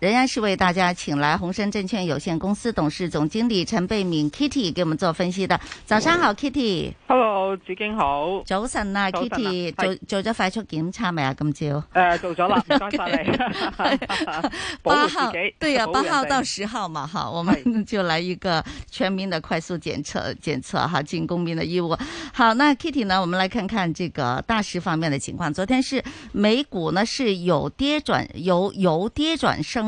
仍然是為大家請來鴻昇證券有限公司董事總經理陳蓓敏 Kitty 給我們做分析的。早上好、oh.，Kitty。Hello，子矜好。早晨啊，Kitty，做做咗快速檢查未啊？今朝、啊。誒，做咗啦，唔該晒你，保護自己， 8 號 保對啊，八號到十號嘛，哈、啊，我們就來一個全民的快速檢測檢測哈，盡公民的義務。好，那 Kitty 呢？我們來看看這個大市方面的情況。昨天是美股呢是有跌轉由由跌轉升。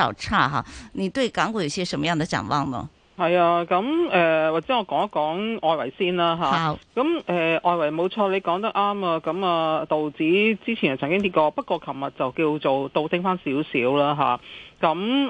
較差哈！你對港股有些什麼樣的展望呢？係啊，咁誒、呃，或者我講一講外圍先啦吓。好。咁誒、啊呃，外圍冇錯，你講得啱啊。咁啊，道指之前曾經跌過，不過琴日就叫做倒升翻少少啦吓。咁、啊、誒、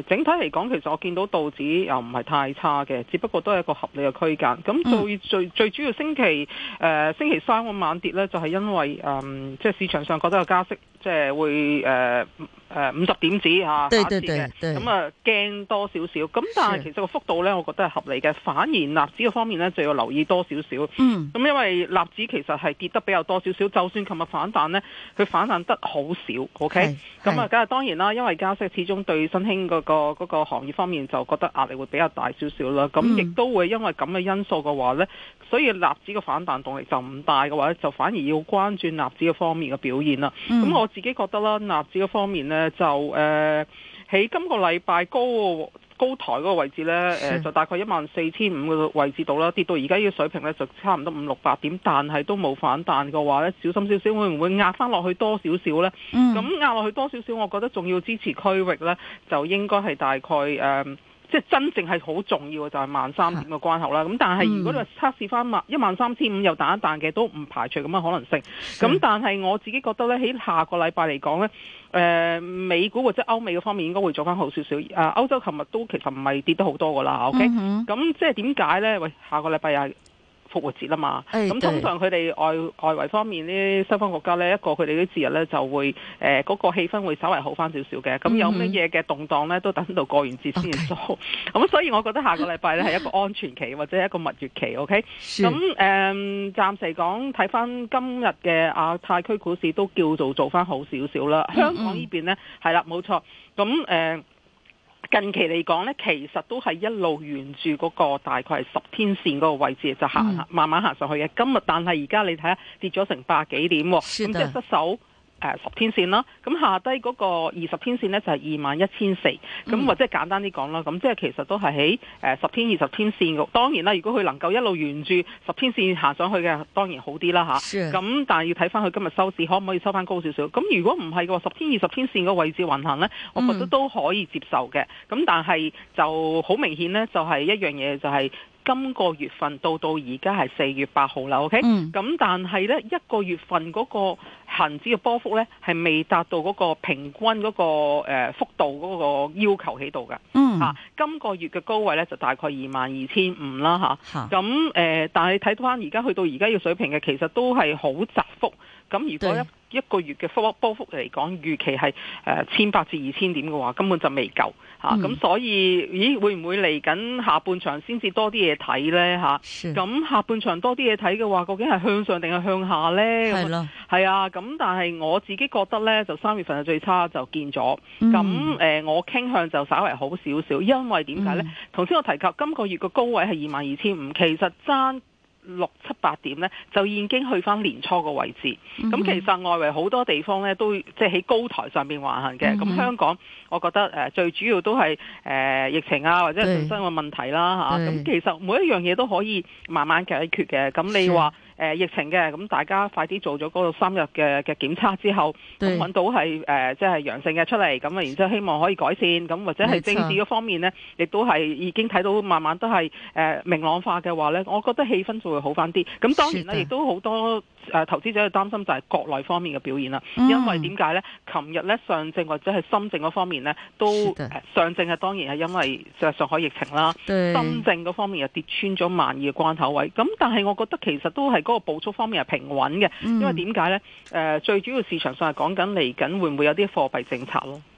啊，整體嚟講，其實我見到道指又唔係太差嘅，只不過都係一個合理嘅區間。咁、啊嗯、最最最主要星期誒、呃、星期三嗰晚跌咧，就係、是、因為誒、嗯、即係市場上覺得有加息。即係會誒誒、呃呃、五十點子嚇下跌嘅，咁啊驚多少少，咁但係其實個幅度呢，我覺得係合理嘅。反而納指嘅方面呢，就要留意多少少。嗯，咁因為納指其實係跌得比較多少少，就算琴日反彈呢，佢反彈得好少。OK，咁啊，梗係當然啦，因為加息始終對新興嗰個嗰個行業方面就覺得壓力會比較大少少啦。咁亦都會因為咁嘅因素嘅話呢。所以納指嘅反彈動力就唔大嘅話咧，就反而要關注納指方面嘅表現啦。咁、嗯、我自己覺得啦，納指方面呢，就誒喺、呃、今個禮拜高高台嗰個位置呢，呃、就大概一萬四千五個位置度啦，跌到而家嘅水平呢，就差唔多五六百點，但係都冇反彈嘅話呢，小心少少，會唔會壓翻落去多少少呢？咁、嗯、壓落去多少少，我覺得重要支持區域呢，就應該係大概、呃即係真正係好重要嘅就係萬三點嘅關口啦，咁但係如果你話測試翻萬一萬三千五又彈一彈嘅，都唔排除咁嘅可能性。咁但係我自己覺得咧，喺下個禮拜嚟講咧，誒、呃、美股或者歐美嘅方面應該會做翻好少少。啊、呃，歐洲琴日都其實唔係跌得好多㗎啦。OK，咁、嗯、即係點解咧？喂，下個禮拜啊！復活節吖嘛，咁、yeah, 通常佢哋外外圍方面啲西方國家呢，一個佢哋啲節日呢，就會誒嗰、呃那個氣氛會稍為好翻少少嘅，咁、mm-hmm. 有乜嘢嘅動盪呢，都等到過完節先做，咁、okay. 嗯、所以我覺得下個禮拜呢，係 一個安全期或者一個蜜月期，OK？咁、sure. 誒、呃、暫時講睇翻今日嘅亞太區股市都叫做做翻好少少啦，mm-hmm. 香港呢邊呢，係啦冇錯，咁誒。呃近期嚟講咧，其實都係一路沿住嗰個大概係十天線嗰個位置就行、嗯，慢慢行上去嘅。今日但係而家你睇下，跌咗成百幾點喎，咁即係失守。誒、呃、十天線啦，咁下低嗰個二十天線呢，就係、是、二萬一千四，咁、嗯、或者簡單啲講啦，咁即係其實都係喺誒十天二十天線個。當然啦，如果佢能夠一路沿住十天線行上去嘅，當然好啲啦吓，咁、啊、但係要睇翻佢今日收市可唔可以收翻高少少。咁如果唔係個十天二十天線個位置運行呢，我覺得都可以接受嘅。咁、嗯、但係就好明顯呢，就係、是、一樣嘢就係、是。今個月份到到而家係四月八號啦，OK？咁、嗯、但係呢一個月份嗰個恆指嘅波幅呢，係未達到嗰個平均嗰、嗰個、呃、幅度嗰個要求喺度㗎。嗯嗯啊、今個月嘅高位咧就大概二萬二千五啦，咁但係睇到翻而家去到而家嘅水平嘅，其實都係好窄幅。咁、啊、如果一一個月嘅波幅嚟講，預期係千八至二千點嘅話，根本就未夠。咁、啊嗯啊、所以，咦會唔會嚟緊下半場先至多啲嘢睇咧？咁下半場多啲嘢睇嘅話，究竟係向上定係向下咧？係啊。咁但係我自己覺得咧，就三月份係最差就見咗。咁、嗯啊啊、我傾向就稍為好少。因為點解呢？頭、嗯、先我提及今個月個高位係二萬二千五，其實爭六七八點呢，就已經去翻年初個位置。咁、嗯、其實外圍好多地方呢，都即係喺高台上面橫行嘅。咁、嗯、香港，我覺得最主要都係、呃、疫情啊，或者本身個問題啦，咁、啊、其實每一樣嘢都可以慢慢解決嘅。咁你話？誒、呃、疫情嘅咁，大家快啲做咗嗰度三日嘅嘅檢測之後，咁揾到係誒即係陽性嘅出嚟，咁啊，然之後希望可以改善，咁或者係政治嘅方面咧，亦都係已經睇到慢慢都係誒、呃、明朗化嘅話咧，我覺得氣氛就會好翻啲。咁當然啦，亦都好多。誒、啊、投資者嘅擔心就係國內方面嘅表現啦、嗯，因為點解咧？琴日咧上證或者係深證嗰方面咧，都上證係當然係因為就上海疫情啦，深證嗰方面又跌穿咗萬二嘅關口位。咁但係我覺得其實都係嗰個補充方面係平穩嘅、嗯，因為點解咧？誒、呃、最主要市場上係講緊嚟緊會唔會有啲貨幣政策咯。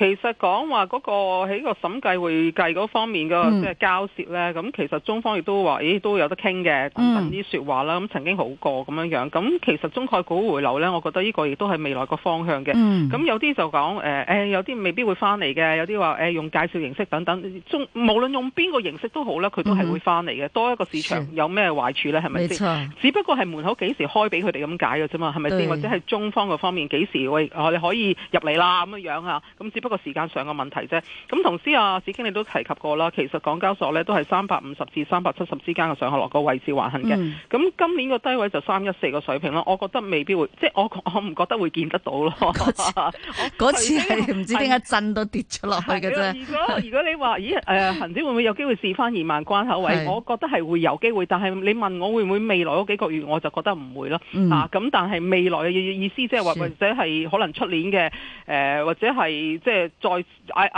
其實講話嗰個喺個審計會計嗰方面嘅、嗯、即係交涉咧，咁其實中方亦都話，誒，都有得傾嘅，等等啲說話啦。咁、嗯、曾經好過咁樣樣。咁其實中概股回流咧，我覺得呢個亦都係未來個方向嘅。咁、嗯、有啲就講誒、呃，有啲未必會翻嚟嘅，有啲話、呃、用介紹形式等等，中無論用邊個形式都好啦，佢都係會翻嚟嘅。多一個市場有咩壞處咧？係咪先？冇錯。只不過係門口幾時開俾佢哋咁解嘅啫嘛，係咪先？或者係中方個方面幾時喂、啊、你可以入嚟啦咁樣樣啊？咁只不個時間上嘅問題啫，咁同時啊，子矜你都提及過啦，其實港交所咧都係三百五十至三百七十之間嘅上下落個位置橫行嘅，咁、嗯、今年個低位就三一四個水平咯，我覺得未必會，即係我我唔覺得會見得到咯。嗰次，嗰唔知點解震都跌咗落去。嘅啫。如果 如果你話咦誒、呃、恒指會唔會有機會試返二萬關口位？我覺得係會有機會，但係你問我會唔會未來嗰幾個月，我就覺得唔會咯。嗱、嗯，咁、啊、但係未來嘅意思即係話或者係可能出年嘅誒、呃、或者係即係。呃再矮，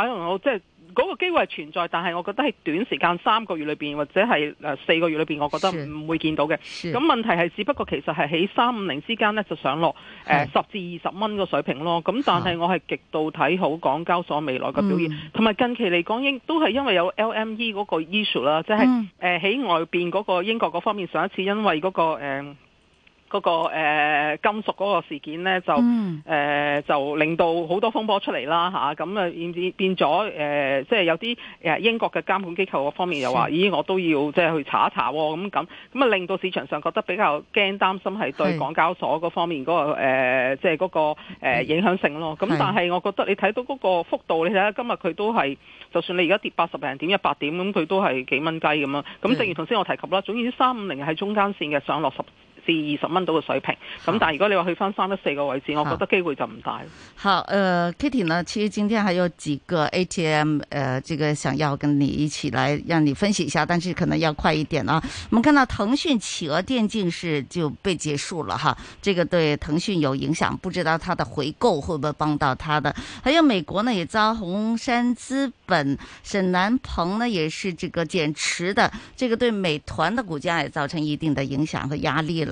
即係嗰個機會係存在，但係我覺得係短時間三個月裏邊或者係誒四個月裏邊，我覺得唔會見到嘅。咁問題係只不過其實係喺三五零之間呢，就上落誒十，呃、至二十蚊個水平咯。咁但係我係極度睇好港交所未來嘅表現，同埋近期嚟講，英都係因為有 LME 嗰個 issue 啦，即係誒喺外邊嗰個英國嗰方面上一次因為嗰、嗰個誒。呃嗰、那個、呃、金屬嗰個事件呢，就誒、嗯呃、就令到好多風波出嚟啦嚇。咁啊變變變咗誒，即係有啲誒英國嘅監管機構嗰方面又話，咦，我都要即係去查一查咁咁咁啊，令到市場上覺得比較驚擔心係對港交所嗰方面嗰、呃那個即係嗰個影響性咯。咁但係我覺得你睇到嗰個幅度，你睇下今日佢都係，就算你而家跌八十零點一百點，咁佢都係幾蚊雞咁樣。咁正如頭先我提及啦，總言之，三五零係中間線嘅上落十至二十蚊到嘅水平，咁但係如果你話去翻三到四個位置，我覺得機會就唔大了。好，呃，Kitty 呢，其實今天還有幾個 ATM，呃，這個想要跟你一起來，讓你分析一下，但是可能要快一點啊。我們看到騰訊、企鵝電競是就被結束了，哈，這個對騰訊有影響，不知道它的回購會不會幫到它的。還有美國呢，也遭紅杉資本、沈南鵬呢，也是這個減持的，這個對美團的股價也造成一定的影響和壓力了。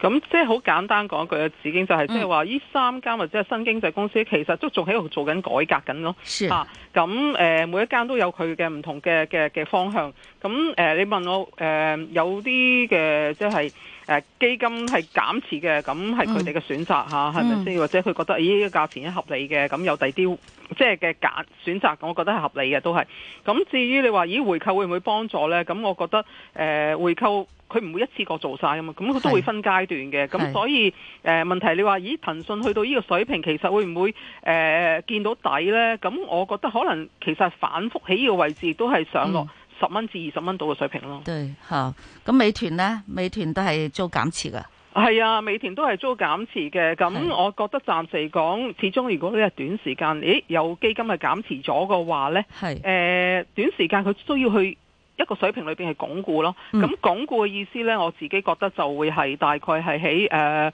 咁即係好簡單講一句嘅指經就係、是，即係話呢三間或者係新經濟公司其實都仲喺度做緊改革緊咯。咁、啊呃、每一間都有佢嘅唔同嘅嘅嘅方向。咁、呃、你問我、呃、有啲嘅即係。誒，基金係減持嘅，咁係佢哋嘅選擇嚇，係咪先？或者佢覺得咦價錢合理嘅，咁有第二啲即係嘅揀選擇，我覺得係合理嘅都係。咁至於你話咦回購會唔會幫助呢？咁我覺得誒、呃、回購佢唔會一次過做晒啊嘛，咁佢都會分階段嘅。咁所以誒、呃、問題，你話咦騰訊去到呢個水平，其實會唔會誒、呃、見到底呢？咁我覺得可能其實反覆起呢個位置都係上落。嗯十蚊至二十蚊到嘅水平咯，對吓，咁美團呢？美團都係遭減持噶，係啊，美團都係遭減持嘅。咁我覺得暫時嚟講，始終如果呢日短時間，咦有基金係減持咗嘅話呢，係誒、呃、短時間佢需要去一個水平裏邊去鞏固咯。咁、嗯、鞏固嘅意思呢，我自己覺得就會係大概係喺誒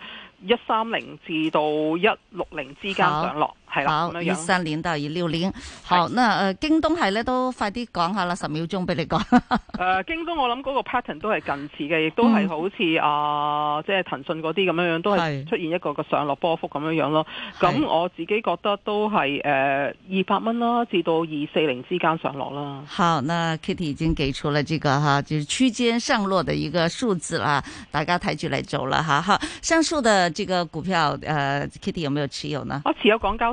一三零至到一六零之間上落。係啦，一三年到二六年，好，那誒、呃、京東係咧都快啲講下啦，十秒鐘俾你講。誒 、呃，京東我諗嗰個 pattern 都係近似嘅，亦都係好似啊、嗯呃，即係騰訊嗰啲咁樣樣，都係出現一個個上落波幅咁樣樣咯。咁我自己覺得都係誒二百蚊啦，至到二四零之間上落啦。好，那 Kitty 已經給出了這個吓、啊，就是、區間上落的一個數字啦、啊，大家睇住嚟做啦。吓、啊、吓。上述的這個股票，誒、啊、Kitty 有沒有持有呢？我、啊、持有港交。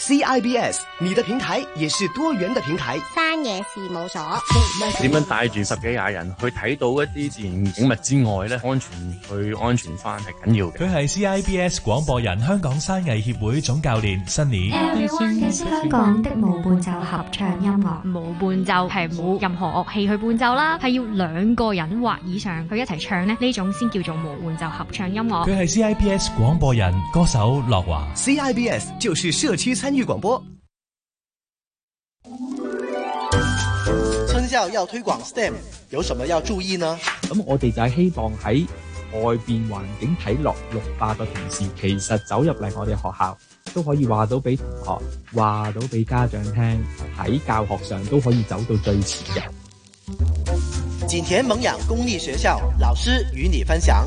CIBS 你的平台也是多元的平台。山野事務所點樣帶住十幾廿人去睇到一啲自然景物之外咧，安全去安全翻係緊要嘅。佢係 CIBS 廣播人，香港山藝協會總教練。新年、呃嗯、香港的無伴奏合唱音樂，無伴奏係冇任何樂器去伴奏啦，係要兩個人或以上佢一齊唱呢呢種先叫做無伴奏合唱音樂。佢係 CIBS 廣播人，歌手樂華。CIBS 就是社區。於廣播，村校要推廣 STEM，有什麼要注意呢？咁我哋就係希望喺外邊環境睇落綠化嘅同時，其實走入嚟我哋學校都可以話到俾同學話到俾家長聽，喺教學上都可以走到最前嘅。景田蒙養公立學校老師與你分享。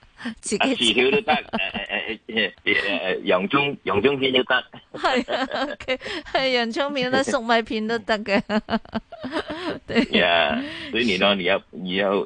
自己薯條都得，誒誒誒誒，洋蔥洋蔥片都得，係啊，佢係洋蔥片都，粟米片都得嘅，對。呀，所以呢，你要你要。